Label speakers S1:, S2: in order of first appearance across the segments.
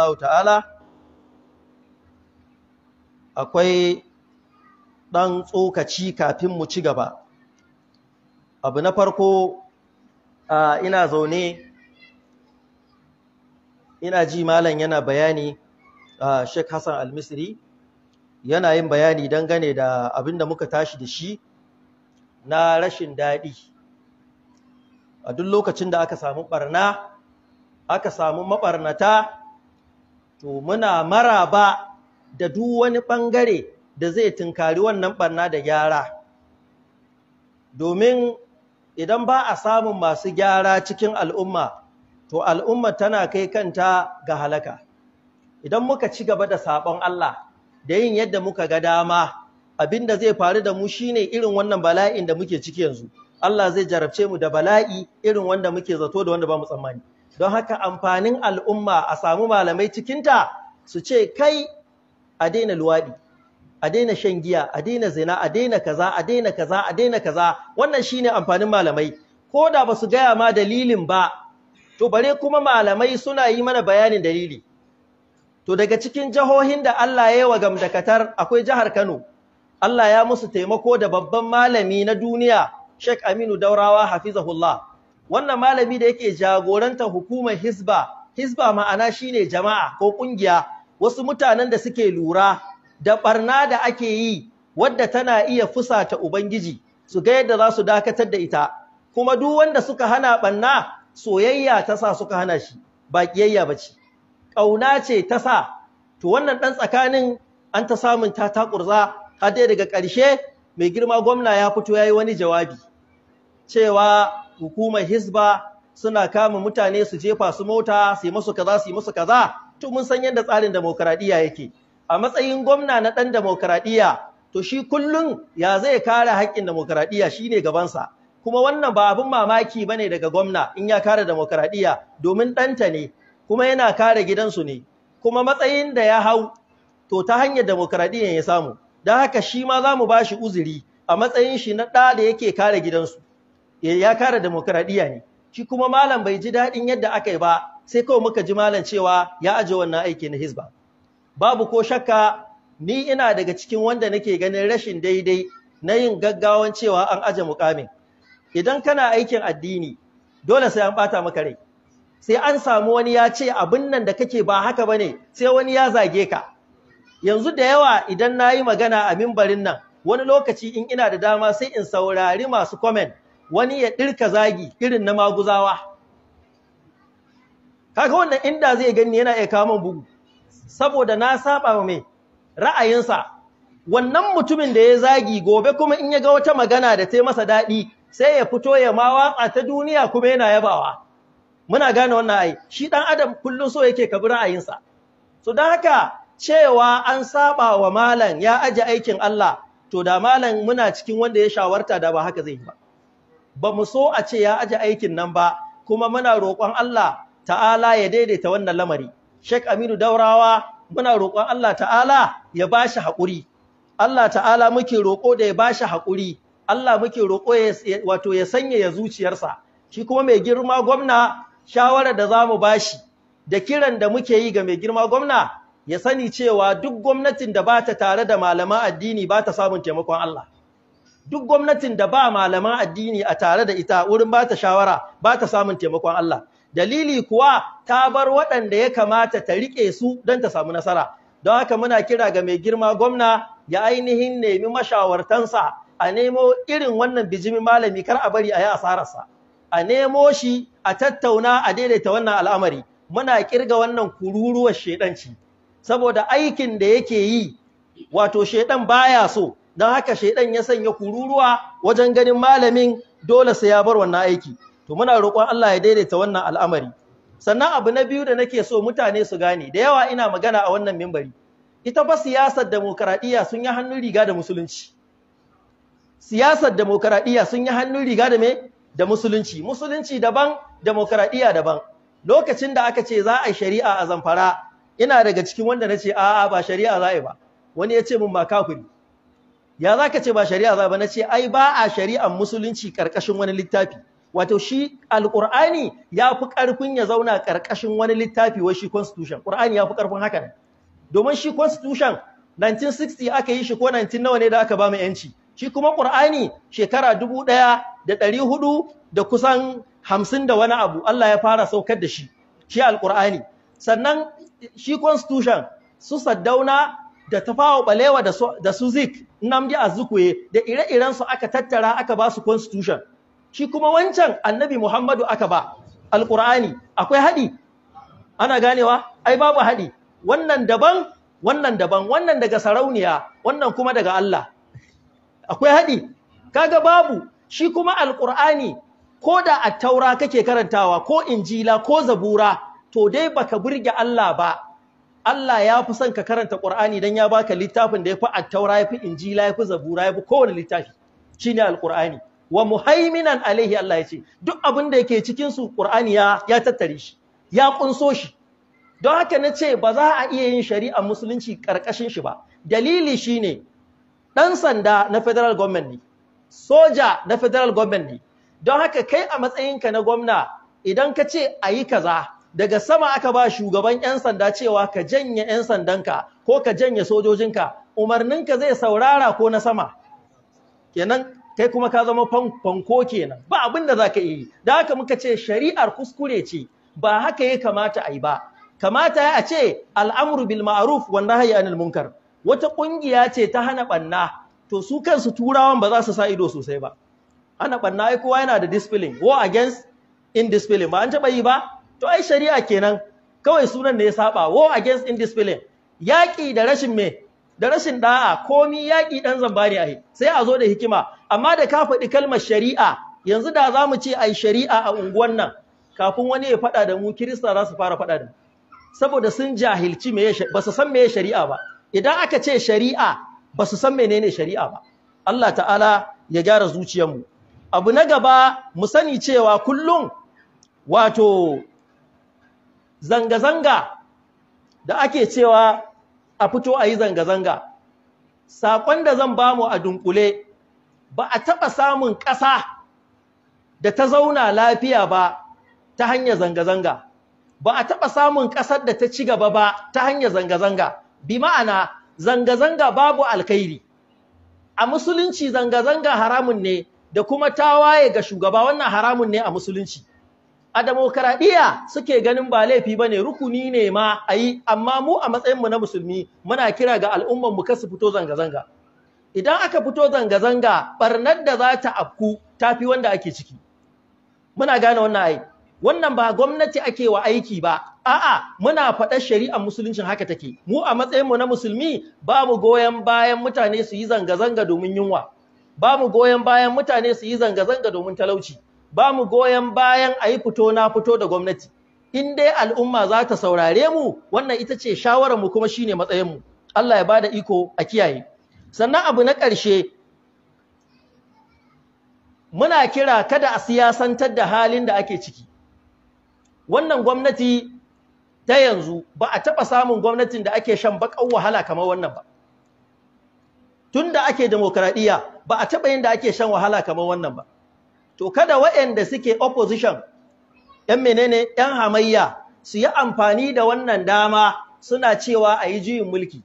S1: Allah ta'ala akwai ɗan tsokaci kafin mu ci gaba abu na farko ina zaune ina ji malam yana bayani Sheikh Hassan Al-Misri yana yin bayani dangane da abin da muka tashi da shi na rashin daɗi a duk lokacin da aka samu ɓarna aka samu maɓarnata to muna maraba da duk wani ɓangare da zai tunkari wannan ɓarna da gyara domin idan ba a samun masu gyara cikin al'umma to al'umma tana kai kanta ga halaka idan muka ci gaba da saɓon Allah da yin yadda muka ga dama abin da zai faru da mu shine irin wannan bala'in da muke ciki yanzu Allah zai jarabce mu da bala'i irin wanda muke zato da wanda ba mu tsammani don haka amfanin al'umma a samu malamai cikinta su ce kai a daina luwaɗi a daina shan giya a daina zina a daina kaza a daina kaza a daina kaza wannan shi ne amfanin malamai ko da ba su gaya ma dalilin ba to bare kuma malamai suna yi mana bayanin dalili to daga cikin jihohin da Allah ya yi wa gamdakatar akwai jihar Kano Allah ya musu taimako da babban malami na duniya Sheikh Aminu Daurawa hafizahullah wannan malami da yake jagoranta hukumar hisba hisba ma'ana shine jama'a ko kungiya wasu mutanen da suke lura da barna da ake yi wadda tana iya fusata ubangiji su ga yadda za su dakatar da ita kuma duk wanda suka hana banna soyayya ta sa suka hana shi ba kiyayya bace kauna ce ta sa to wannan dan tsakanin an ta samun ta takurza har dai daga ƙarshe mai girma gwamna ya fito yayi wani jawabi cewa hukumar hisba suna kama mutane su jefa su mota su yi musu kaza su yi musu kaza to mun san yadda tsarin demokradiya yake a matsayin gwamna na ɗan demokradiya to shi kullum ya zai kare haƙƙin demokradiya shine gabansa kuma wannan ba abin mamaki bane daga gwamna in ya kare demokradiya domin ɗanta ne kuma yana kare gidansu ne kuma matsayin da ya hau to ta hanyar demokradiya ya samu dan haka shi ma zamu bashi uziri uzuri a matsayin shi na ɗa da yake kare gidansu Eh, ya kare demokradiyya ne shi kuma malam bai ji daɗin yadda aka yi ba sai kawai muka ji malam cewa ya aje wannan aiki na hizba babu ko shakka ni ina daga cikin wanda nake ganin rashin daidai na yin gaggawan cewa an aje mukamin idan kana aikin addini dole sai an bata maka rai sai an samu wani ya ce abin nan da kake ba haka bane sai wani ya zage ka yanzu da yawa idan na yi magana a mimbarin nan wani lokaci in ina da dama sai in saurari masu comment wani ya ɗirka zagi irin na maguzawa kaga wannan inda zai gani yana iya kawo bugu saboda na saba mai ra'ayinsa wannan mutumin da ya zagi gobe kuma in ya ga wata magana da ta yi masa daɗi sai ya fito ya ma watsa ta duniya kuma yana yabawa muna gane wannan ai shi ɗan adam kullum so yake kabi ra'ayinsa so don haka cewa an saba wa malam ya aje aikin Allah to da malam muna cikin wanda ya shawarta da ba haka zai yi ba ba mu so a ce ya aje aikin nan ba kuma muna roƙon Allah ta'ala ya daidaita wannan lamari Sheikh Aminu Daurawa muna roƙon Allah ta'ala ya ba shi haƙuri Allah ta'ala muke roƙo da ya ba shi haƙuri Allah muke roƙo wato ya sanya ya zuciyarsa shi kuma mai girma gwamna shawara da zamu shi, da kiran da muke yi ga mai girma gwamna ya sani cewa duk gwamnatin da ba ta tare da malaman addini ba ta samun taimakon Allah duk gwamnatin da ba malaman addini a tare da ita wurin ba ta shawara ba ta samun taimakon Allah dalili kuwa ta bar waɗanda ya kamata ta riƙe su don ta samu nasara don haka muna kira ga mai girma gwamna ya ainihin nemi mashawartansa a nemo irin wannan bijimin malami kar a bari a yi asararsa a nemo shi a tattauna a daidaita wannan al'amari muna kirga wannan kururuwar shedanci saboda aikin da yake yi wato shedan baya so don haka shaidan ya sanya kururuwa wajen ganin malamin dole sai ya bar wannan aiki to muna roƙon Allah ya daidaita wannan al'amari sannan abu na biyu da nake so mutane su gane da yawa ina magana a wannan mimbari ita fa siyasar demokradiyya sun yi hannun riga da musulunci siyasar demokradiyya sun yi hannun riga da me da musulunci musulunci daban demokradiyya daban lokacin da aka ce za a yi shari'a a zamfara ina daga cikin wanda na ce a'a ba shari'a za a yi ba wani ya ce mun ba kafiri ya za ka ce ba shari'a za ba na ce ai ba a shari'ar musulunci ƙarƙashin wani littafi wato shi Alƙur'ani ya fi ƙarfin ya zauna ƙarƙashin wani littafi wai shi constitution ƙur'ani ya fi ƙarfin haka ne domin shi constitution 1960 aka yi shi ko 19 nawa ne da aka ba mu yanci shi kuma ƙur'ani shekara dubu ɗaya da ɗari hudu da kusan hamsin da wani abu Allah ya fara saukar da shi shi Alƙur'ani. sannan shi constitution su saddauna da tafawo balewa da su zik namdi Zukuye, da ire-iren su aka tattara aka ba su constitution shi kuma wancan annabi muhammadu aka ba alkur'ani akwai haɗi ana ganewa ai babu haɗi wannan daban wannan daban wannan daga sarauniya wannan kuma daga Allah akwai haɗi kaga babu shi kuma alkur'ani ko da a taura kake karantawa ko injila ko zabura to dai baka burge Allah ba Allah ya fi son ka karanta Qur'ani dan ya baka littafin da ya fi attaura ya fi Injila ya fi Zabura fi kowane littafi shine Al-Qur'ani wa muhaiminan alaihi Allah ya ce duk abin da yake cikin su Qur'ani ya ya tattare shi ya kunso shi don haka na ce ba za a iya yin shari'a musulunci karkashin shi ba dalili shine dan sanda na federal government ne soja na federal government ne don haka kai a matsayinka na gwamna idan ka ce ayi kaza daga sama aka ba shugaban 'yan sanda cewa ka janye 'yan sandanka ko ka janye sojojinka umarninka zai saurara ko na sama kenan kai kuma ka zama fanko kenan ba abin da za ka yi da haka muka ce shari'ar kuskure ce ba haka ya kamata a yi ba kamata ya ce al'amru bil ma'ruf wanda nahyi anil munkar wata kungiya ce ta hana banna to su kansu turawan ba za su sa ido sosai ba hana banna ai kowa yana da discipline war against indiscipline ba an taba yi ba to ai shari'a kenan kawai sunan ne ya saba wo against indiscipline yaƙi da rashin me da rashin da'a komi yaƙi dan zambari ai sai a zo da hikima amma da ka faɗi kalmar shari'a yanzu da zamu mu ce ai shari'a a unguwan nan kafin wani ya faɗa da mu kirista za su fara faɗa da mu saboda sun jahilci me ba su san me shari'a ba idan aka ce shari'a ba su san menene shari'a ba Allah ta'ala ya gyara zuciyarmu abu na gaba mu sani cewa kullum wato zanga-zanga da ake cewa a fito a yi zanga-zanga saƙon da zan bamu a dunkule ba a taɓa samun ƙasa da ta zauna lafiya ba ta hanyar zanga-zanga ba a taɓa samun ƙasar da ta ci gaba ba ta hanyar zanga-zanga bi ma'ana zanga-zanga babu alkhairi a musulunci zanga-zanga haramun ne da kuma tawaye ga shugaba wannan haramun ne a musulunci a demokradiyya suke ganin ba laifi bane rukuni ne ma ayi amma mu a matsayinmu na musulmi muna kira ga al'ummar mu kasu fito zanga zanga idan aka fito zanga zanga barnar da za ta afku tafi wanda ake ciki muna gane wannan ai wannan ba gwamnati ake wa aiki ba a'a muna faɗar shari'ar musuluncin haka take mu a matsayin mu na musulmi ba mu goyen bayan mutane su yi zanga zanga domin yunwa ba mu goyen bayan mutane su yi zanga zanga domin talauci ba mu goyon bayan a yi fito na fito da gwamnati in dai al'umma za ta saurare mu wannan ita ce shawararmu kuma shine matsayinmu Allah ya bada iko a kiyaye sannan abu na ƙarshe muna kira kada a siyasantar da halin da ake ciki wannan gwamnati ta yanzu ba a taɓa samun gwamnatin da ake shan baƙar wahala kamar wannan ba tun da ake demokradiyya ba a taɓa yin da ake shan wahala kamar wannan ba to kada waɗanda suke opposition ‘yan menene ‘yan hamayya su yi amfani da wannan dama suna cewa a yi juyin mulki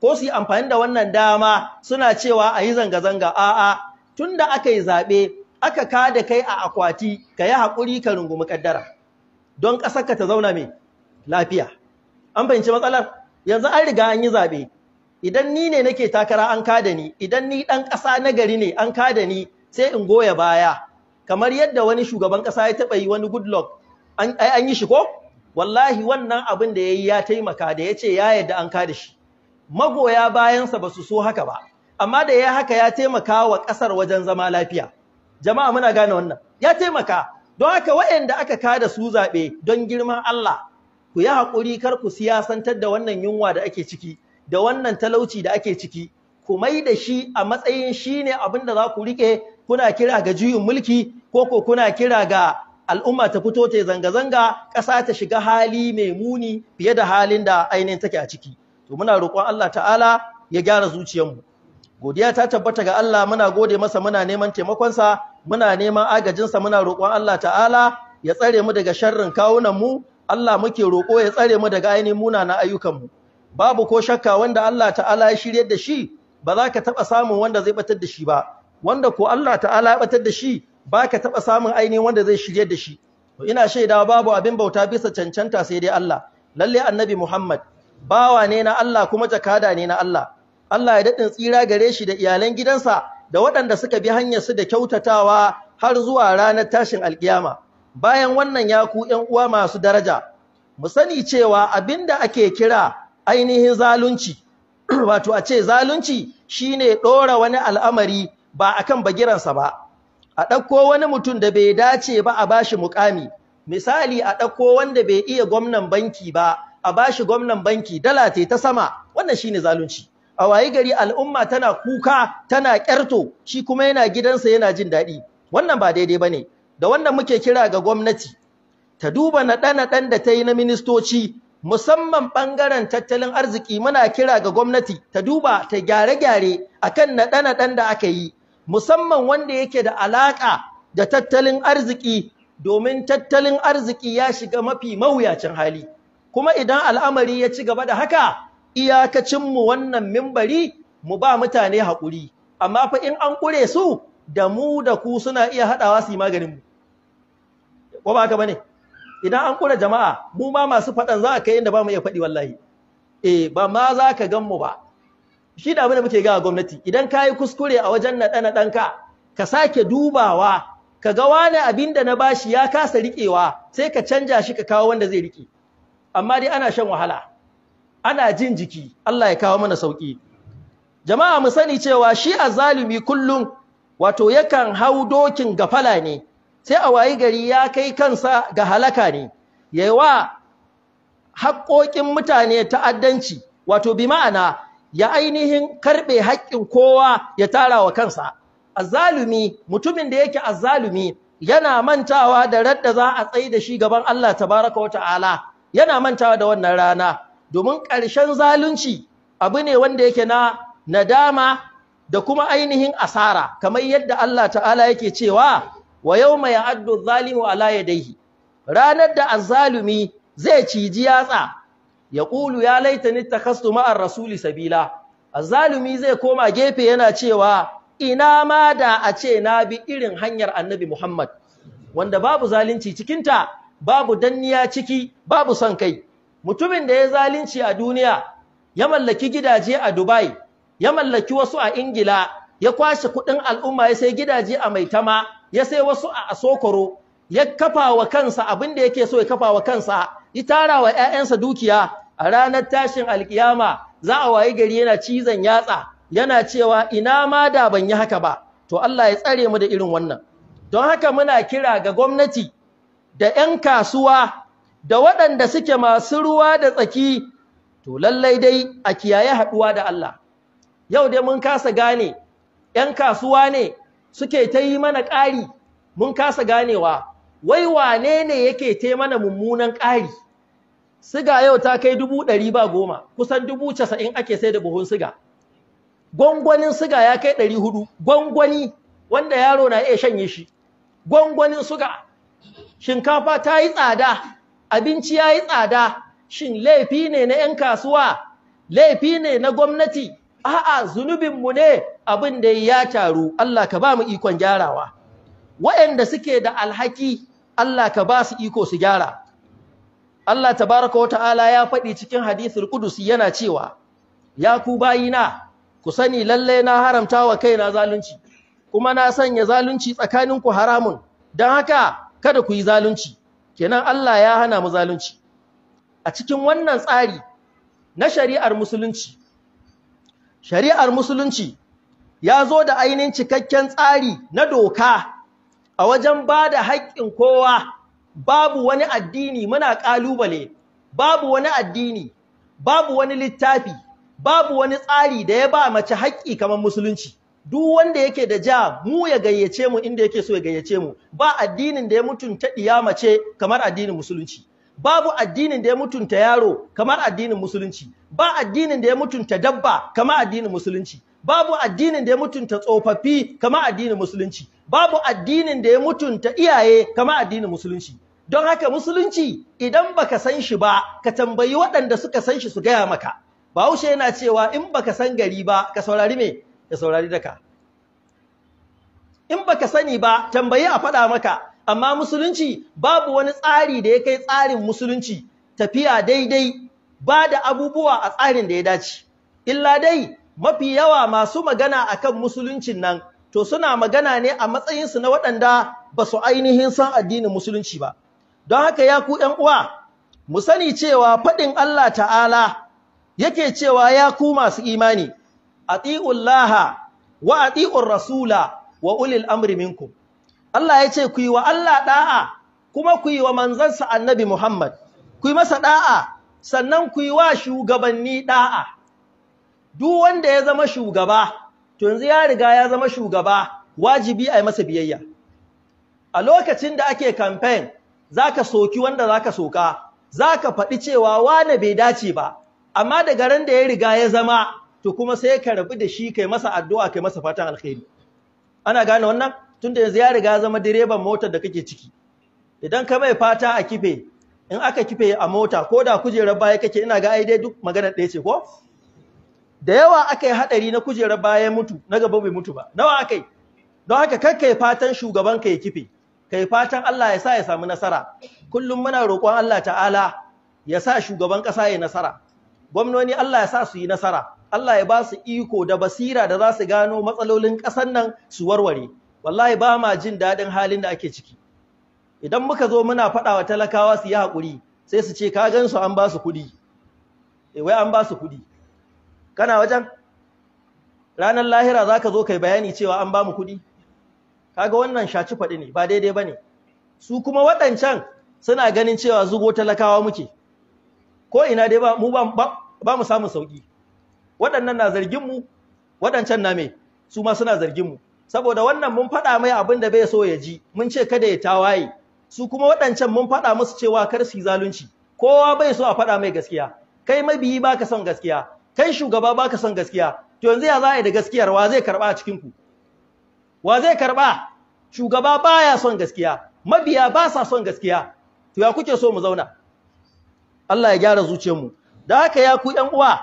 S1: ko su yi amfani da wannan dama suna cewa a yi zanga-zanga a'a tun da aka yi zaɓe aka ka da kai a akwati ka yi haƙuri ka rungumi ƙaddara don ƙasarka ta zauna mai lafiya an fahimci matsalar yanzu an riga an yi zaɓe idan ni ne nake takara an ka da ni idan ni ɗan ƙasa na gari ne an ka da ni sai in goya baya kamar yadda wani shugaban ƙasa ya taɓa yi wani goodluck an yi shi ko wallahi wannan abin da ya yi ya taimaka da ya ce ya yadda an kada shi magoya bayansa ba su so haka ba amma da ya haka ya taimaka wa ƙasar wajen zama lafiya jama'a muna gane wannan ya taimaka don haka waɗanda aka kada su zaɓe don girman Allah ku yi haƙuri kar ku siyasantar da wannan yunwa da ake ciki da wannan talauci da ake ciki ku mai da shi a matsayin shi ne abin da za ku riƙe kuna kira ga juyin mulki ko ko kuna kira ga al'umma ta fito ta zanga-zanga ƙasa ta shiga hali mai muni fiye da halin da ainihin take a ciki to muna roƙon Allah ta'ala ya gyara zuciyarmu godiya ta tabbata ga Allah muna gode masa muna neman taimakonsa muna neman agajinsa muna roƙon Allah ta'ala ya tsare mu daga sharrin kawunanmu Allah muke roƙo ya tsare mu daga ainihin ayyukan ayyukanmu babu ko shakka wanda Allah ta'ala ya shiryar da shi ba za ka taɓa samun wanda zai batar da shi ba wanda ko Allah ta'ala ya ɓatar da shi Ba ka taɓa samun ainihin wanda zai shirye da shi to ina shaidawa babu abin bauta bisa cancanta sai dai Allah lalle annabi Muhammad bawa ne na Allah kuma jakada ne na Allah Allah ya daɗin tsira gare shi da iyalan gidansa da waɗanda suka bi hanyar su da kyautatawa har zuwa ranar tashin alkiyama bayan wannan ya ku ƴan uwa masu daraja mu sani cewa abinda ake kira ainihin zalunci wato a ce zalunci shi ne ɗora wani al'amari ba akan bagiransa ba a ɗauko wani mutum da bai dace ba a bashi mukami misali a ɗauko wanda bai iya gwamnan banki ba a bashi gwamnan banki dala te ta sama wannan shine zalunci a wayi gari al'umma tana kuka tana ƙyarto shi kuma yana gidansa yana jin daɗi wannan ba daidai bane da wannan muke kira ga gwamnati ta duba naɗe ɗan da ta yi na ministoci musamman ɓangaren tattalin arziki muna kira ga gwamnati ta duba ta gyare-gyare akan naɗa ɗan da aka yi musamman wanda yake da alaƙa da tattalin arziki domin tattalin arziki ya shiga mafi mawuyacin hali kuma idan al'amari ya ci gaba da haka iyakacinmu wannan mimbari mu ba mutane haƙuri amma fa in an ƙure su da mu da ku suna iya haɗawa su yi maganinmu ko ba haka ba ne idan an ƙure jama'a mu ma masu faɗan za a kai inda ba mu iya faɗi wallahi eh ba ma za ka gan mu ba shi da abin da muke ga gwamnati idan ka yi kuskure a wajen naɗa na ɗanka ka sake dubawa ka ga wani abin da na bashi ya kasa riƙewa sai ka canja shi ka kawo wanda zai riƙe amma dai ana shan wahala ana jin jiki Allah ya kawo mana sauƙi jama'a mu sani cewa shi azzalumi kullum wato yakan hau dokin gafala ne sai a wayi gari ya kai kansa ga halaka ne yayi wa haƙoƙin mutane ta'addanci wato bi ma'ana ya ainihin karɓe haƙƙin kowa ya tara wa kansa azzalumi mutumin da yake azzalumi yana mantawa da radda za a tsayi da shi gaban Allah tabaraka wa ta'ala yana mantawa da wannan rana domin ƙarshen zalunci abu ne wanda yake na nadama da kuma ainihin asara kamar yadda Allah ta'ala yake cewa wa yawma ya'addu adh-dhalimu ala yadayhi ranar da azzalumi zai ciji yatsa ya ƙulu ya laitani takhastu ma'ar rasuli sabila Azalumi zai koma gefe yana cewa ina ma da a ce na bi irin hanyar annabi Muhammad wanda babu zalunci cikinta babu danniya ciki babu son kai mutumin da ya zalunci a duniya ya mallaki gidaje a Dubai ya mallaki wasu a Ingila ya kwashe kuɗin al'umma ya sai gidaje a Maitama ya sai wasu a Asokoro ya kafa wa kansa abin da yake so ya kafa wa kansa ya tara wa ‘ya'yansa dukiya a ranar tashin alkiyama za a wayi gari yana cizon yatsa yana cewa ina ma da ban yi haka ba to Allah ya tsare mu da irin wannan don haka muna kira ga gwamnati da 'yan kasuwa da waɗanda suke masu ruwa da tsaki to lallai dai a kiyaye haɗuwa da Allah yau dai mun kasa gane 'yan kasuwa ne suke ta yi mana ƙari mun kasa ganewa wai wane ne yake ta yi mana mummunan ƙari siga yau ta kai dubu ɗari ba goma kusan dubu casa'in ake sai da buhun siga gwangwanin siga ya kai ɗari hudu gwangwani wanda yaro na iya shanye shi gwangwanin suga shinkafa ta yi tsada abinci ya yi tsada shin laifi ne na 'yan kasuwa laifi ne na gwamnati a'a zunubinmu ne abin da ya taru Allah ka ba mu ikon gyarawa waɗanda suke da alhaki Allah ka ba su iko su gyara Allah tabaraka wata'ala ya faɗi cikin hadithul qudusi yana cewa ya ku bayina ku sani lalle na haramta wa kaina zalunci kuma na sanya zalunci tsakanin ku haramun dan haka kada ku yi zalunci kenan Allah ya hana mu zalunci a cikin wannan tsari na shari'ar musulunci shari'ar musulunci ya zo da ainihin cikakken tsari na doka a wajen ba da haƙƙin kowa babu wani addini muna ƙalubale babu wani addini babu wani littafi babu wani tsari da ya ba mace haƙƙi kamar musulunci duk wanda yake da ja mu ya gayyace mu inda yake so ya gayyace mu ba addinin da ya mutunta diya mace kamar addinin musulunci babu addinin da ya mutunta yaro kamar addinin musulunci ba addinin da ya mutunta dabba kamar addinin musulunci babu addinin da ya mutunta tsofaffi kamar addinin musulunci babu addinin da ya mutunta iyaye kamar addinin musulunci don haka musulunci idan baka san shi ba ka tambayi waɗanda suka san shi su gaya maka bahaushe yana cewa in baka san gari ba ka saurari me ka saurari daka in baka sani ba tambayi a faɗa maka amma musulunci babu wani tsari da ya kai tsarin musulunci tafiya daidai ba da abubuwa a tsarin da ya dace illa dai mafi yawa masu magana akan musuluncin nan to suna magana ne a matsayinsu na waɗanda ba su ainihin san addinin musulunci ba don haka ya ku ƴan uwa mu sani cewa faɗin Allah ta'ala yake cewa ya ku masu imani atiullaha wa atiur rasula wa ulil amri minkum Allah ya ce ku yi wa Allah ɗa'a kuma ku yi wa manzansa annabi Muhammad ku yi masa ɗa'a sannan ku yi wa shugabanni ɗa'a. duk wanda ya zama shugaba to yanzu ya riga ya zama shugaba wajibi a yi masa biyayya a lokacin da ake campaign zaka soki wanda zaka soka zaka faɗi cewa wane bai dace ba amma daga ran da ya riga ya zama to kuma sai ka rabu da shi kai masa addu'a kai masa fatan alkhairi ana gane wannan tunda yanzu ya riga zama direban motar da kake ciki idan ka mai fata a kife in aka kife a mota ko da kujerar baya kake ina ga ai dai duk magana ɗaya ce ko da yawa aka yi haɗari na kujerar baya mutu na gaba bai mutu ba nawa aka yi don haka kakkai fatan shugaban ka ya kife kai fatan Allah ya sa ya samu nasara kullum muna roƙon Allah ta'ala ya sa shugaban ƙasa ya nasara gwamnoni Allah ya sa su yi nasara Allah ya ba su iko da basira da za su gano matsalolin ƙasar nan su warware wallahi ba ma jin daɗin halin da ake ciki idan muka zo muna faɗa wa talakawa su yi haƙuri sai su ce ka gan su an ba su kuɗi eh, wai an ba su kuɗi kana wajen ranar lahira za ka zo kai bayani cewa an ba mu kuɗi kaga wannan shaci faɗi ne ba daidai ba ne su kuma waɗancan suna ganin cewa zugo talakawa muke ko ina dai ba mu ba mu samu sauƙi waɗannan na zargin mu waɗancan na me su ma suna zargin mu saboda wannan mun faɗa mai abin da bai so ya ji mun ce kada ya tawaye su kuma waɗancan mun faɗa musu cewa kar su yi zalunci kowa bai so a faɗa mai gaskiya kai mabiyi baka son gaskiya kai shugaba baka son gaskiya to yanzu ya za yi da gaskiyar wa zai karɓa a cikin ku wa zai karba shugaba baya son gaskiya mabiya ba sa son gaskiya to ya kuke so mu zauna Allah ya gyara mu. da haka ya ku ƴan uwa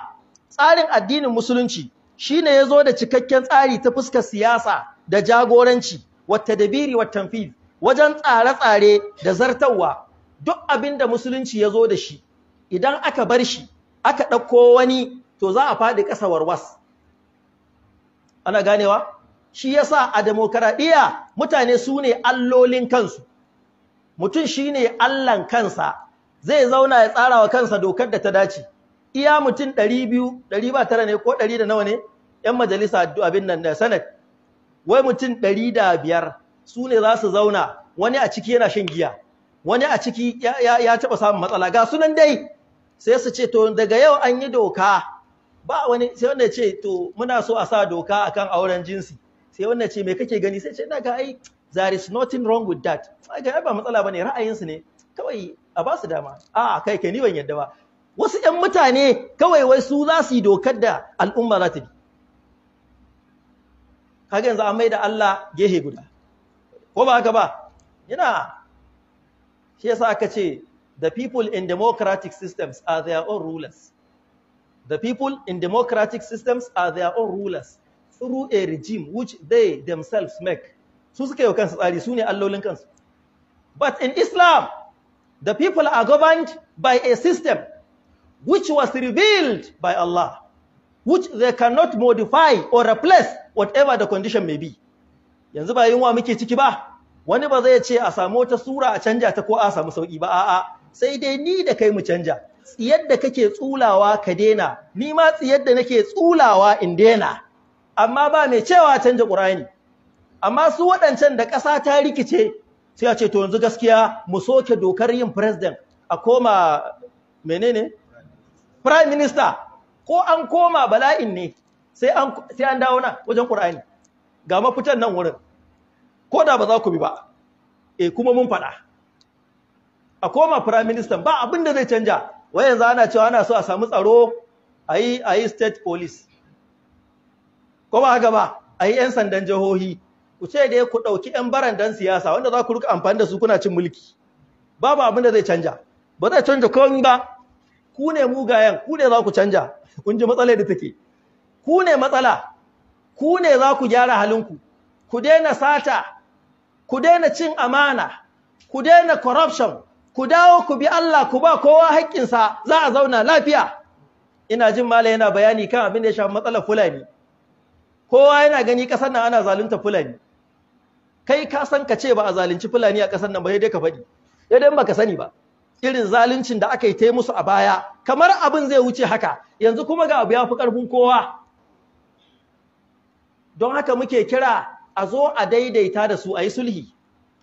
S1: tsarin addinin musulunci shine yazo da cikakken tsari ta fuskar siyasa da jagoranci wa dabiri wa tanfiz wajen tsare-tsare da zartawa duk abinda musulunci yazo da shi idan aka bar shi aka ɗauko wani to za a faɗi ƙasa warwas ana ganewa shi ya sa a demokradiya mutane su ne allolin kansu mutum shi ne allan kansa zai zauna ya tsara wa kansa dokar da ta dace iya mutum 200 900 ne ko 100 da nawa ne yan majalisa abin nan da sanat wai mutum 105 su ne za su zauna wani a ciki yana shan giya wani a ciki ya taɓa samun matsala ga sunan dai sai su ce to daga yau an yi doka ba wani sai wanda ce to muna so a sa doka akan auren jinsi sai wannan ce me kake gani sai ce ina ga ai there is nothing wrong with that ai ga ba matsala bane ra'ayinsu ne kawai a ba su dama a kai kai ni ban yadda ba wasu ƴan mutane kawai wai su za su yi dokar da al'umma za ta bi kaga yanzu an mai da Allah gehe guda ko ba haka ba yana shi yasa aka ce the people in democratic systems are their own rulers the people in democratic systems are their own rulers through a regime which they themselves make. Su suka yi kansu tsari, su ne allolin kansu. But in Islam, the people are governed by a system which was revealed by Allah, which they cannot modify or replace whatever the condition may be. Yanzu ba yunwa muke ciki ba, wani ba zai ce a samu wata sura a canja ta ko a samu sauƙi ba, a'a, sai dai ni da kai mu canja. Tsiyar da kake tsulawa ka dena, ni ma tsiyar da nake tsulawa in dena. amma ba mai cewa canja ƙur'ani amma su waɗancan da ƙasa ta rikice sai a ce to yanzu gaskiya mu soke dokar yin president a koma menene prime minister ko an koma bala'in ne sai an dawo na wajen ƙura'ini ga mafitan nan wurin ko da ba za ku bi ba e kuma mun faɗa a koma prime minister ba abin da zai canja wayan za ana cewa ana so a samu tsaro a yi state police ko ba haka a yi 'yan sandan jihohi ku ce dai ku ɗauki 'yan barandan siyasa wanda za ku rika amfani da su kuna cin mulki babu abin da zai canja ba zai canja ko ba ku ne mugayen ku ne za ku canja kun ji matsalar da take ku ne matsala ku ne za ku gyara halinku ku daina sata ku daina cin amana ku daina corruption ku dawo ku bi Allah ku ba kowa haƙƙinsa za a zauna lafiya ina jin mala yana bayani kan abin da ya shafi matsalar fulani kowa yana gani ƙasar nan ana zalunta fulani kai ka san ka ce ba a zalunci fulani a ƙasar nan ba yadda dai ka faɗi yadda dai baka sani ba irin zaluncin da aka yi ta musu a baya kamar abin zai wuce haka yanzu kuma ga abu ya fi ƙarfin kowa don haka muke kira a zo a daidaita da su a yi sulhi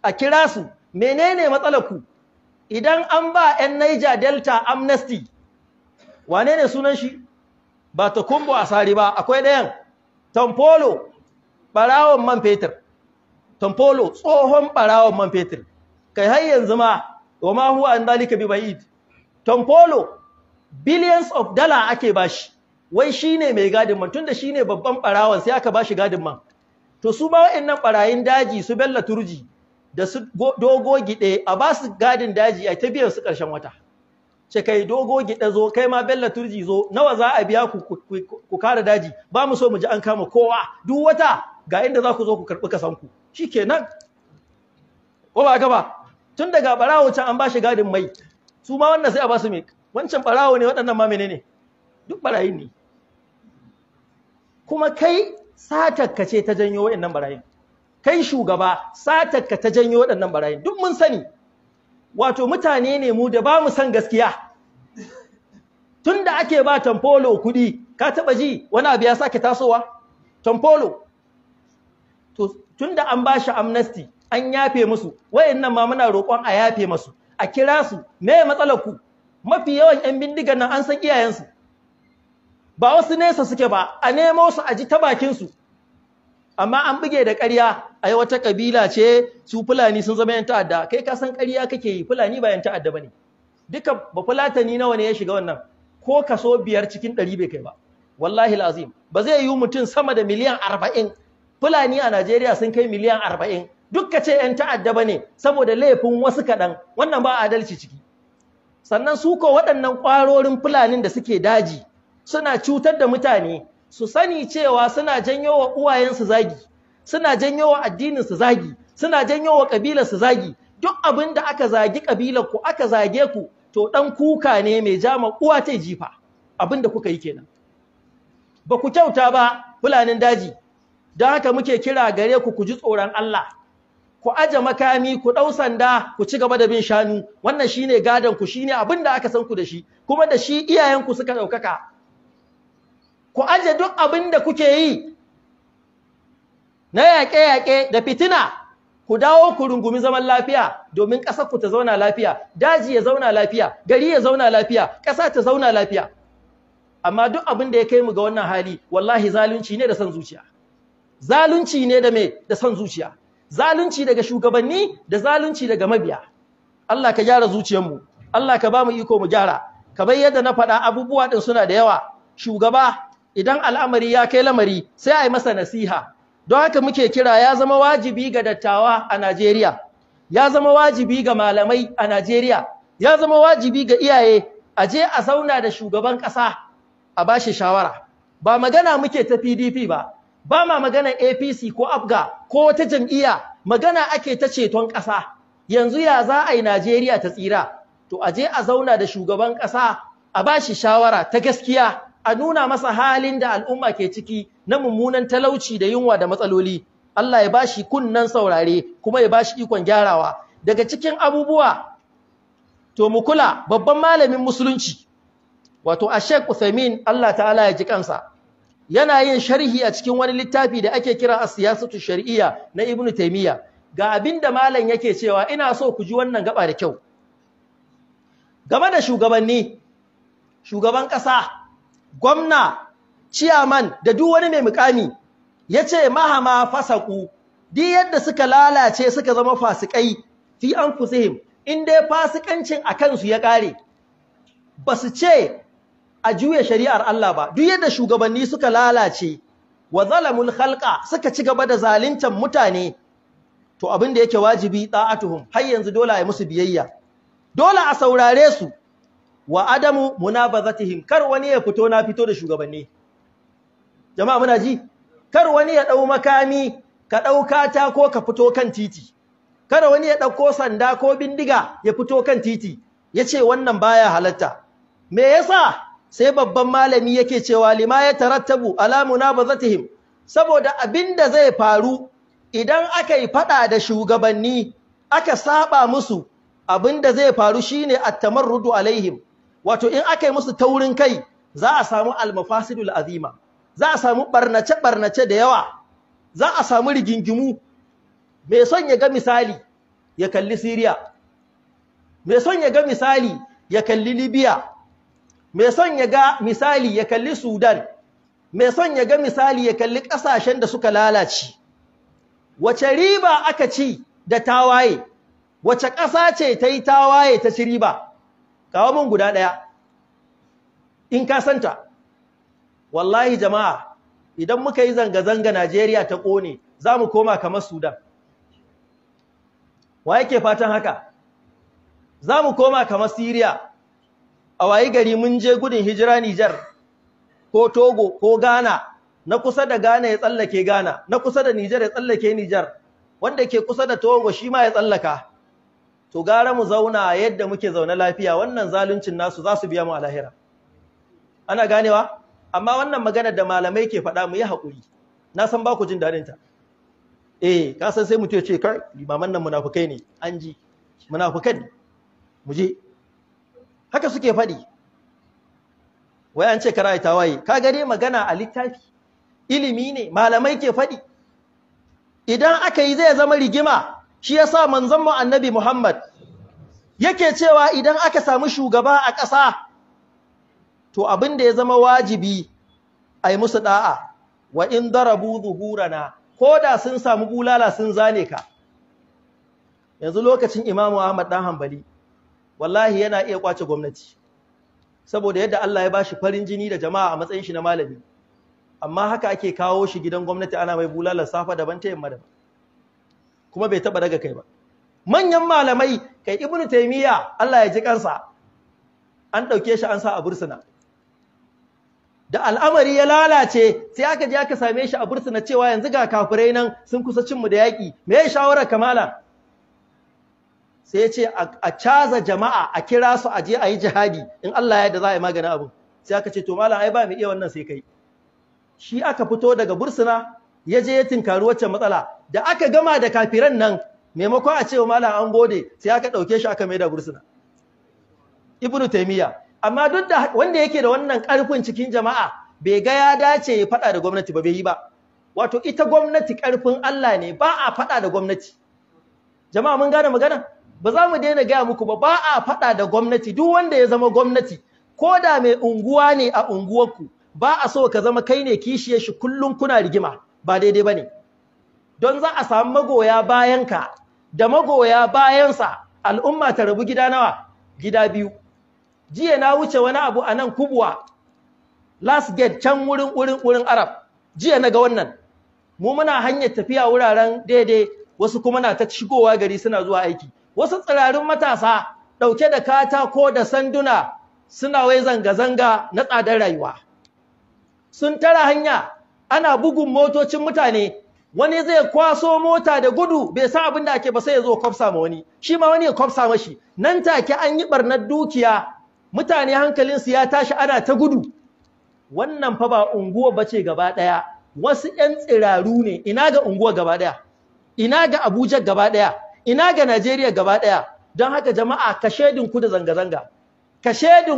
S1: a kira su menene ku? idan an ba 'yan Niger Delta amnesty wane ne sunan shi ba ta kumbo a sari ba akwai ɗayan Tamfolo ɓarawon man fetur, Tamfolo tsohon ɓarawon man fetur, kai har yanzu ma wa ma huwa an dalika bi Tamfolo billions of dollar ake bashi, wai shine mai gadin man tunda shine babban ɓarawon sai aka bashi gadin man. To su ma ɓarayin daji su bella turji da su dogo gide a ba su gadin daji a ta biyan su ƙarshen wata. ce kai dogo gida zo kai ma bella turji zo nawa za a biya ku ku kare daji ba mu so mu ji an kama kowa duk wata ga inda za ku zo ku karbi kasan ku shikenan ko ba gaba tun daga barawo can an bashi gadin mai su ma wannan sai a basu me wancan barawo ne waɗannan ma menene duk barayin ne kuma kai satakka ce ta janyo waɗannan barayin kai shugaba satakka ta janyo waɗannan barayin duk mun sani wato mutane ne mu da ba mu san gaskiya tunda ake ba tamfolo kudi ka taba ji wani abu ya sake tasowa tamfolo to tunda an ba shi amnesty an yafe musu nan ma muna roƙon a yafe musu a kira su me matsalar ku mafi yawan yan bindigan nan an san iyayensu ba wasu nesa suke ba a nemo su a ji ta bakinsu. su amma an buge da ƙarya ai wata kabila ce su fulani sun zama yan ta'adda kai ka san ƙarya kake yi fulani ba yan ta'adda ne. duka ba fulatani nawa ne ya shiga wannan ko kaso biyar cikin ɗari bai kai ba wallahi lazim ba zai yi mutum sama da miliyan arba'in fulani a najeriya sun kai miliyan arba'in ka ce 'yan ta'adda ba ne saboda laifin wasu kaɗan wannan ba adalci ciki sannan su ko waɗannan ƙwarorin fulanin da suke daji suna cutar da mutane su sani cewa suna janyo wa uwayensu zagi suna janyo wa addininsu zagi suna janyo wa ƙabilarsu zagi duk abin da aka zagi ƙabilar ku aka zage ku to ɗan kuka ne mai jama uwa ta jifa abin da kuka yi kenan ba ku kyauta ba fulanin daji don haka muke kira gare ku ku ji tsoron Allah ku aje makami ku ɗau sanda ku ci gaba da bin shanu wannan shine gadon ku shine abin da aka san ku da shi kuma da shi iyayenku suka ɗaukaka ku aje duk abin da kuke yi na yaƙe-yaƙe da fitina ku dawo ku rungumi zaman lafiya domin ƙasar ku ta zauna lafiya daji ya zauna lafiya gari ya zauna lafiya ƙasa ta zauna lafiya amma duk abin da ya kai mu ga wannan hali wallahi zalunci ne da san zuciya zalunci ne da me da san zuciya zalunci daga shugabanni da zalunci daga mabiya Allah ka gyara zuciyar mu Allah ka ba mu iko mu gyara kamar yadda na faɗa abubuwa din suna da yawa shugaba idan al'amari ya kai lamari sai a yi masa nasiha don haka muke kira ya zama wajibi ga dattawa a Najeriya ya zama wajibi ga malamai a Najeriya ya zama wajibi ga iyaye a je a zauna da shugaban ƙasa a ba shi shawara ba magana muke ta PDP ba ba ma magana APC ko ABGA ko wata jam'iyya magana ake ta ceton ƙasa yanzu ya za a yi Najeriya ta tsira to a je a zauna da shugaban ƙasa a ba shi shawara ta gaskiya a nuna masa halin da al'umma ke ciki na mummunan talauci da yunwa da matsaloli Allah ya bashi kunnan saurare kuma ya bashi ikon gyarawa daga cikin abubuwa to mu kula babban malamin musulunci wato a Sheikh Uthaymeen Allah ta'ala ya ji kansa yana yin sharhi a cikin wani littafi da ake kira as-siyasatu shar'iyya na Ibn Taymiyya. ga abinda malam yake cewa ina so ku ji wannan gaba da kyau game da shugabanni shugaban ƙasa gwamna ciyaman da duk wani mai mukami Ya yace mahama fasaku duk yadda suka lalace suka zama fasikai fi an fusihim in dai fasikancin a kansu ya kare su ce a juya shari'ar Allah ba duk yadda shugabanni suka lalace wa zalamul khalqa suka ci gaba da zaluntar mutane to abin da yake wajibi tuhum har yanzu dole a musu biyayya dole a saurare su wa adamu munabazatihim kar wani ya fito na fito da shugabanni jama'a muna ji kar wani ya dau makami ka dauka ta ko ka fito kan titi kar wani ya dauko sanda ko bindiga ya fito kan titi yace wannan baya halatta me yasa sai babban malami yake cewa lima ya tarattabu ala munabazatihim saboda abinda zai faru idan aka yi fada da shugabanni aka saba musu abinda zai faru shine at-tamarrudu alaihim wato in aka yi musu taurin kai za a samu almafasidul azima za a samu barnace barnace da yawa za a samu rigingimu mai son ya ga misali ya kalli Syria mai son ya ga misali ya kalli Libya mai son ya ga misali ya kalli Sudan mai son ya ga misali ya kalli kasashen da suka lalace wace riba aka ci da tawaye wace ƙasa ce ta yi tawaye ta ci riba kawo min guda ɗaya in ka santa wallahi jama'a idan muka yi zanga-zanga Najeriya ta ƙone za mu koma kamar Sudan wa yake fatan haka za mu koma kamar Siriya a wayi gari mun je gudun hijira Nijar ko Togo ko Ghana na kusa da Ghana ya tsallake Ghana na kusa da Nijar ya tsallake Nijar wanda ke kusa da Togo shi ma ya tsallaka to gara mu zauna yadda muke zaune lafiya wannan zaluncin nasu za su biya mu a lahira ana ganewa amma wannan magana da malamai ke faɗa mu yi haƙuri na san ba ku jin daɗin ta eh ka san sai mutum ya ce kai limaman nan munafukai ne an ji munafukan mu je haka suke faɗi wai an ce kara ita waye ka gare magana a littafi ilimi ne malamai ke faɗi idan aka yi zai zama rigima shi yasa manzon mu annabi Muhammad yake cewa idan aka samu shugaba a ƙasa to abin da ya zama wajibi ai musu ɗa'a. wa in darabu zuhurana da sun samu bulala sun zane ka yanzu lokacin Imam Ahmad ɗan hambali. wallahi yana iya kwace gwamnati saboda yadda Allah ya ba shi farin jini da jama'a a matsayin shi na malami amma haka ake kawo shi gidan gwamnati ana mai bulalar safa daban ta yamma daban kuma bai taba daga kai ba manyan malamai kai ibnu taymiya Allah ya ji kansa an dauke shi an sa a bursuna da al'amari ya lalace sai aka je aka same shi a bursuna cewa yanzu ga kafirai nan sun kusa cin mu da yaki me ya shawara kamala sai ya ce a caza jama'a a kira su a je a yi jihadi in Allah ya yarda za a yi maganin abu sai aka ce to malam ai ba mu iya wannan sai kai shi aka fito daga bursuna ya je ya tinkari wacce matsala da aka gama da kafiran nan maimakon a ce wa malam an gode sai aka ɗauke shi aka maida gursuna ibnu taymiya amma duk da wanda yake da wannan karfin cikin jama'a bai ga ya dace ya faɗa da gwamnati ba bai yi ba wato ita gwamnati karfin Allah ne ba a faɗa da gwamnati jama'a mun gane magana ba za mu daina gaya muku ba ba a faɗa da gwamnati duk wanda ya zama gwamnati ko da mai unguwa ne a unguwarku ba a so ka zama kai ne kishiye shi kullum kuna rigima ba daidai ba ne don za a samu magoya bayan ka da magoya bayan sa, al'umma ta rabu gida nawa gida biyu jiya na wuce wani abu a nan kubwa last gate can wurin wurin wurin arab jiya na ga wannan mu muna hanyar tafiya wuraren daidai wasu kuma na ta shigowa gari suna zuwa aiki wasu tsirarin matasa ɗauke da katako da sanduna suna wai zanga-zanga na tsadar rayuwa sun tara hanya ana bugun motocin mutane wani zai kwaso mota da gudu bai san abin da ake ba sai ya zo kwafsa ma wani shi ma wani ya kwafsa mashi nan take an yi barnar dukiya mutane hankalinsu ya tashi ana ta gudu wannan fa ba unguwa bace gaba daya wasu 'yan tsiraru ne ina ga unguwa gaba daya ina ga Abuja gaba daya ina ga Najeriya gaba daya don haka jama'a ka ku da zanga zanga ka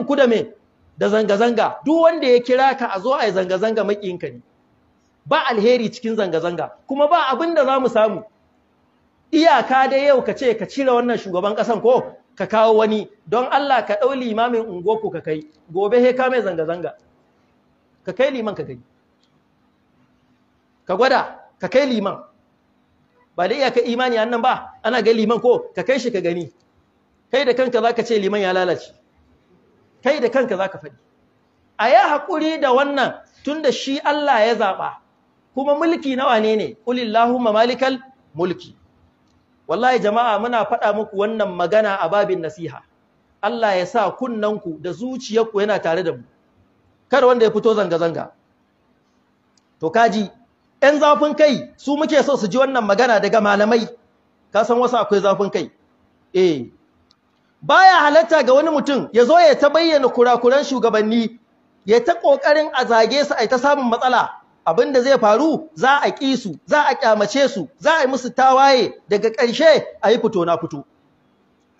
S1: ku da me da zanga zanga duk wanda ya kira ka a zo a yi zanga zanga makiyinka ne ba alheri cikin zanga-zanga kuma ba abin da za mu samu iyaka da yau ka ce ka cire wannan shugaban ƙasan ko ka kawo wani don Allah ka ɗau limamin ungoku ka kai gobe he ka mai zanga-zanga ka kai liman ka gani. ka gwada ka kai liman ba da iyaka imani annan ba ana ga liman ko ka kai shi ka gani kai da kanka za ka ce liman ya lalace kai da kanka za ka faɗi a yi haƙuri da wannan tun da shi Allah ya zaɓa kuma mulki na wane ne qulillahumma malikal mulki wallahi jama'a muna faɗa muku wannan magana a babin nasiha Allah ya sa kunnanku da zuciyarku yana tare da mu kar wanda ya fito zanga zanga to kaji ‘yan zafin kai su muke so su ji wannan magana daga malamai, ka san wasu akwai zafin kai. Eh, baya halatta ga wani mutum ya zo ya ta bayyana kurakuran shugabanni, ya ta ƙoƙarin a zage su a ta samun matsala, abin da zai faru za a ƙi su za a kyamace su za a yi musu tawaye daga ƙarshe a yi fito na fito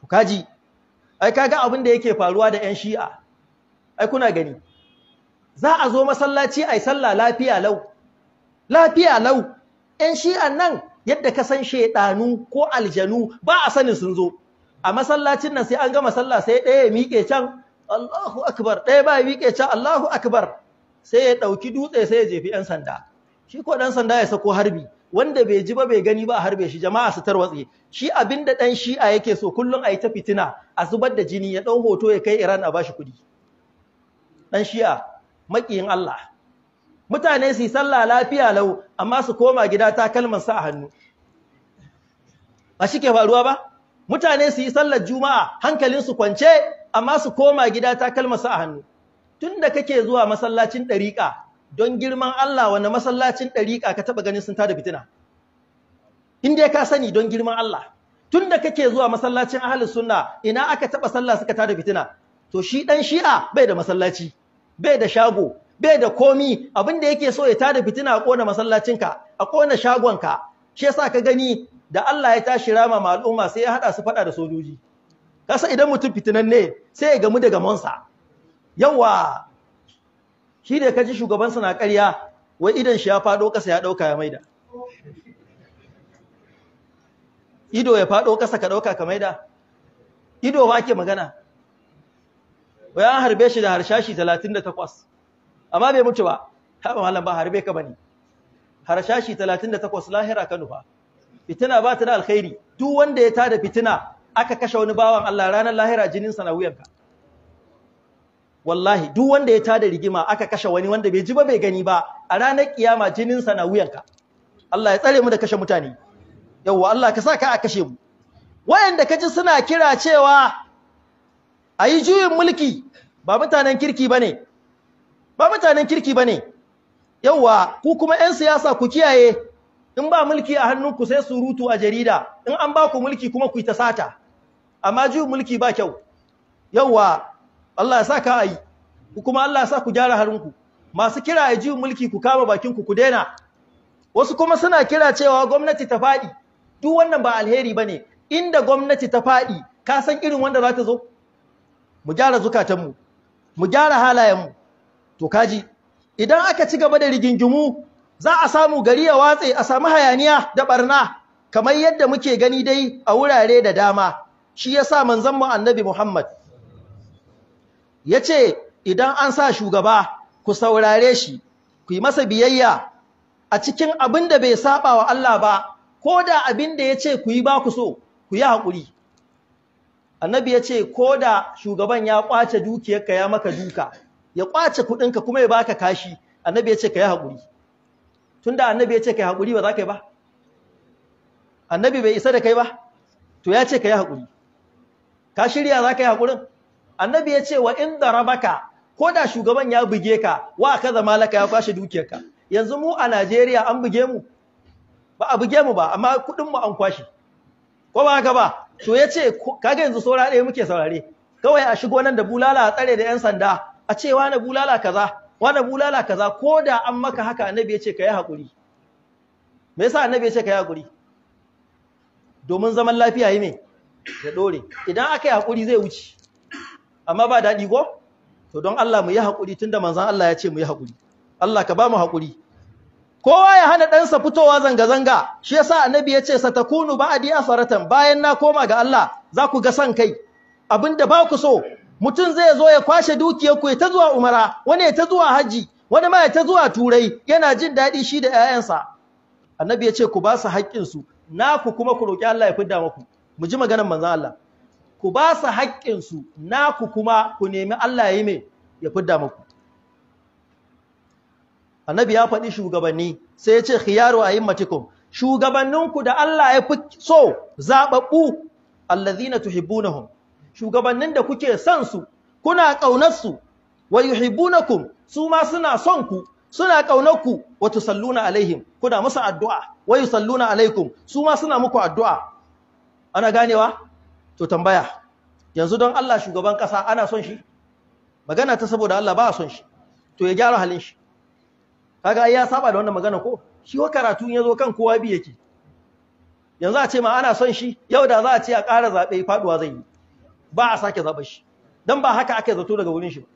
S1: to kaji ai kaga abin da yake faruwa da 'yan shi'a ai kuna gani za a zo masallaci a yi sallah lafiya lau lafiya lau 'yan shi'an nan yadda ka san shaidanu ko aljanu ba a sanin sun zo a masallacin nan sai an gama sallah sai ɗaya ya miƙe can Allahu akbar ɗaya ba ya miƙe can Allahu akbar sai ya ɗauki dutse sai ya jefi 'yan sanda shi ko ɗan sanda ya sako harbi wanda bai ji ba bai gani ba a harbe shi jama'a su tarwatse shi abin da ɗan shi'a yake so kullum a yi ta fitina a zubar da jini ya ɗau hoto ya kai iran a bashi kuɗi ɗan shi'a maƙiyin allah mutane su yi sallah lafiya lau amma su koma gida takalman sa a hannu ba shi ke faruwa ba mutane su yi sallar juma'a hankalin su kwance amma su koma gida takalman sa a hannu tunda kake zuwa masallacin ɗariƙa don girman Allah wani masallacin ɗariƙa ka taɓa ganin sun tada fitina inda ka sani don girman Allah tunda kake zuwa masallacin ahalin sunna ina aka taɓa sallah suka tada fitina to shi ɗan shi'a bai da masallaci bai da shago bai da komi abin da yake so ya tada fitina a ƙona masallacinka a ƙona shagonka shi yasa ka gani da Allah ya tashi rama ma al'umma sai ya haɗa su faɗa da sojoji kasa idan mutum fitinan ne sai ya gamu da gamonsa yawa shi da kaji shugabansa na ƙarya wai idan shi ya faɗo ƙasa ya ɗauka ya maida ido ya faɗo ƙasa ka ɗauka ka maida ido ba ke magana wai an harbe shi da harshashi 38 amma bai mutu ba haɓa malam ba harbe ka bane harshashi 38 lahira ka nufa fitina ba ta da alkhairi duk wanda ya tada fitina aka kashe wani bawan Allah ranar lahira jininsa na wuyanka wallahi duk wanda ya tada rigima aka kashe wani wanda bai ji ba bai gani ba a ranar kiyama jininsa na wuyanka Allah ya tsare mu da kashe mutane yawwa Allah ka sa a kashe mu wayanda ka ji suna kira cewa ayi yi juyin mulki ba mutanen kirki bane. ba mutanen kirki bane. ku kuma 'yan siyasa ku kiyaye in ba mulki a hannunku sai surutu a jarida in an ba ku mulki kuma ku ta sata amma juyin mulki ba kyau yawwa Allah ya sa ka ayi ku kuma Allah ya sa ku gyara harinku masu kira ya ji mulki ku kama bakin ku ku daina wasu kuma suna kira cewa gwamnati ta faɗi duk wannan ba alheri ba ne. inda gwamnati ta faɗi ka san irin wanda za ta zo mu gyara zukatanmu mu gyara halayenmu to kaji idan aka ci gaba da rigingimu za a samu gari ya watse a samu hayaniya da barna kamar yadda muke gani dai a wurare da dama shi yasa manzon mu annabi Muhammad ya ce idan an sa shugaba ku saurare shi ku yi masa biyayya a cikin abin da bai saba wa Allah ba ko da abin da ya ce ku yi ba ku so ku yi haƙuri annabi ya ce ko da shugaban ya ƙwace dukiyarka ya maka duka ya ƙwace kuɗinka kuma ya baka kashi annabi ya ce ka yi haƙuri tun da annabi ya ce ka yi haƙuri ba za ka yi ba annabi bai isa da kai ba to ya ce ka yi haƙuri ka shirya za ka yi haƙurin annabi ya ce wa inda rabaka ko da shugaban ya buge ka wa kaza malaka ya kwashe dukiyarka yanzu mu a Najeriya an buge mu ba a buge mu ba amma kudin mu an kwashe ko ba haka ba to yace kaga yanzu saura ɗaya muke saurare kawai a shigo nan da bulala a tsare da yan sanda a ce wani bulala kaza wani bulala kaza ko da an maka haka annabi ka kai hakuri me yasa annabi ka kai hakuri domin zaman lafiya yi me ya dore idan aka yi hakuri zai wuce amma ba daɗi ko to don Allah mu yi haƙuri da manzon Allah ya ce mu yi hakuri. Allah ka ba mu haƙuri kowa ya hana ɗansa fitowa zanga-zanga shi yasa annabi ya ce satakunu ba'adi asaratan bayan na koma ga Allah za ku ga san kai abinda ba ku so mutum zai zo ya kwashe dukiyar ku ya ta zuwa umara wani ya ta zuwa haji wani ma ya ta zuwa turai yana jin daɗi shi da 'ya'yansa. annabi ya ce ku ba su haƙƙinsu, su naku kuma ku roki Allah ya fidda muku mu ji maganar manzon Allah ku ba su haƙƙinsu naku kuma ku nemi Allah ya yi mai ya fidda muku annabi ya faɗi shugabanni sai ya ce khiyaru a'immatikum shugabanninku da Allah ya fi so tuhibbu na tuhibbunahum shugabannin da kuke son su kuna kaunar su na yuhibbunakum su ma suna son ku suna kaunar ku wa alaihim kuna musu addu'a wa salluna alaikum su ma suna muku addu'a ana ganewa to tambaya yanzu don Allah shugaban kasa ana son shi magana ta saboda Allah ba a son shi to ya gyara halin shi kaga ya saba da wannan magana ko shi wa karatu ya zo kan kowa bi yake yanzu a ce ma ana son shi yau da za a ce a ƙara zaɓe faɗuwa zai yi ba a sake zaɓe shi don ba haka ake zato daga wurin shi ba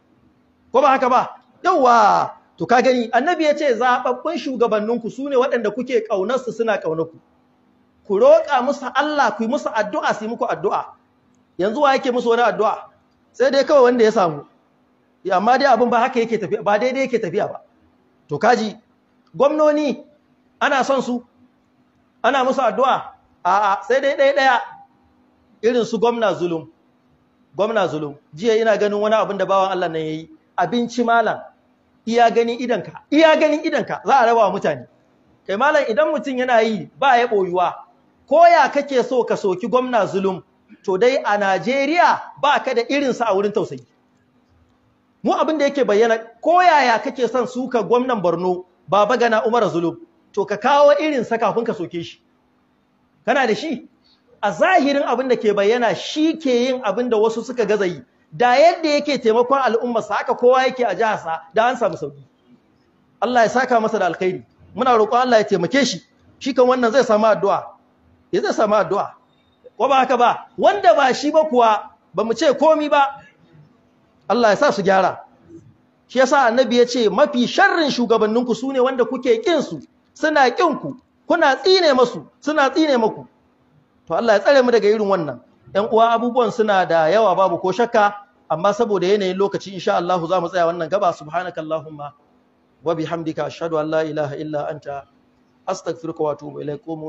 S1: ko ba haka ba yauwa to ka gani annabi ya ce zaɓaɓɓun shugabanninku su ne waɗanda kuke ƙaunarsu suna ƙaunarku ku roƙa musu Allah ku yi musu addu'a su yi muku addu'a yanzu wa yake musu wani addu'a sai dai kawai wanda ya samu amma dai abin ba haka yake tafiya ba daidai yake tafiya ba to kaji gwamnoni ana son su ana musu addu'a a'a sai dai ɗaya ɗaya irin su gwamna zulum gwamna zulum jiya ina ganin wani abin da bawan Allah nan yi. abinci malam iya ganin idanka iya ganin idanka za a rabawa mutane kai malam idan mutum yana yi ba ya ɓoyuwa. koya kake so ka soki gwamna zulum to dai a Najeriya ba ka da irinsa a wurin tausayi mu abin da yake bayyana koyaya kake son suka gwamnan Borno baba gana Umar zulum to ka kawo irin irinsa kafin ka soke shi kana da shi a zahirin abin da ke bayyana shi ke yin abin da wasu suka gaza yi da yadda yake taimakon al'umma sa haka kowa yake a sa da an samu sauki Allah ya saka masa da alkhairi muna roƙon Allah ya taimake shi shi kan wannan zai samu addu'a ya zai samu addu'a ko ba haka ba wanda ba shi ba kuwa ba mu ce komi ba Allah ya sa su gyara shi yasa annabi ya ce mafi sharrin shugabanninku su ne wanda kuke kin su suna kin kuna tsine masu suna tsine maku to Allah ya tsare mu daga irin wannan ƴan uwa abubuwan suna da yawa babu ko shakka amma saboda yanayin lokaci insha Allah za mu tsaya wannan gaba subhanakallahumma wa bihamdika ashhadu an la ilaha illa anta astaghfiruka wa atubu